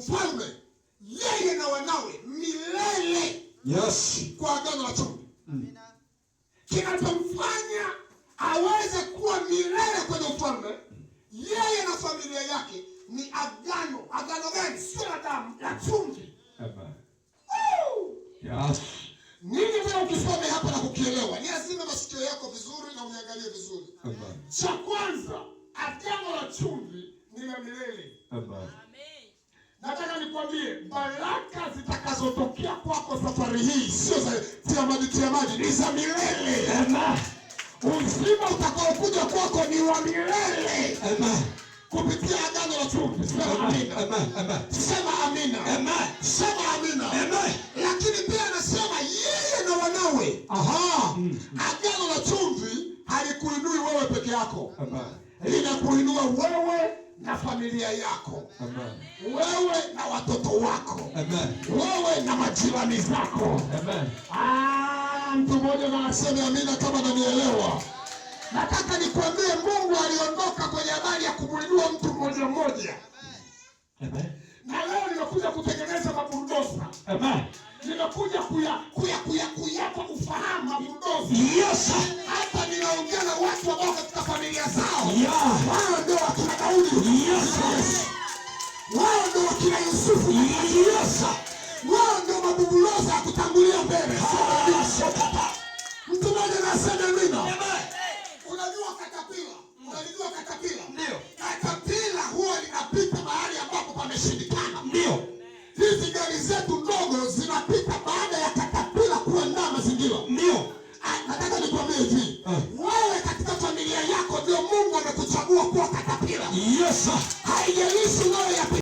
ufalme yeye na wanawe milele. Yes. Kwa agano la chumvi mm. kinachomfanya aweze kuwa milele kwenye ufalme yeye na familia yake ni agano. Agano gani? Sio la damu, la chumvi. Yes. Nini tena ukisome hapa na kukielewa, ni lazima masikio yako vizuri na uniangalie vizuri. Cha kwanza, agano la chumvi ni la milele nikwambie, baraka zitakazotokea kwako safari hii sio za maji tia maji, ni za milele. Uzima utakaokuja kwako ni wa milele kupitia agano la chumvi. Sema amina, sema amina, sema amina. Lakini pia yako linakuinua wewe na familia yako Amen. Wewe na watoto wako Amen. Wewe na majirani zako ah, mtu mmoja na aseme amina kama nanielewa. Nataka nikwambie Mungu aliondoka kwenye habari ya kumwinua mtu mmoja mmoja, na leo nimekuja kutengeneza mabuldosa. Nimekuja kuyapa kuya, kuya, kuya, mabuldosa anaongea na watu ambao katika familia zao wao ndio wakina Daudi, wao ndio wakina Yusufu, wao ndio mabubuloza ya kutangulia mbele. Mtu mmoja na aseme Unajua katapila, mm. unajua katapila, katapila huwa linapita mahali ambapo pameshindikana. Ndio hizi gari zetu ndogo zinapita baada ya katapila kuandaa mazingira. Ndio ah, nataka nikwambie hivi eh. Yesu haijalishi unayoyapitia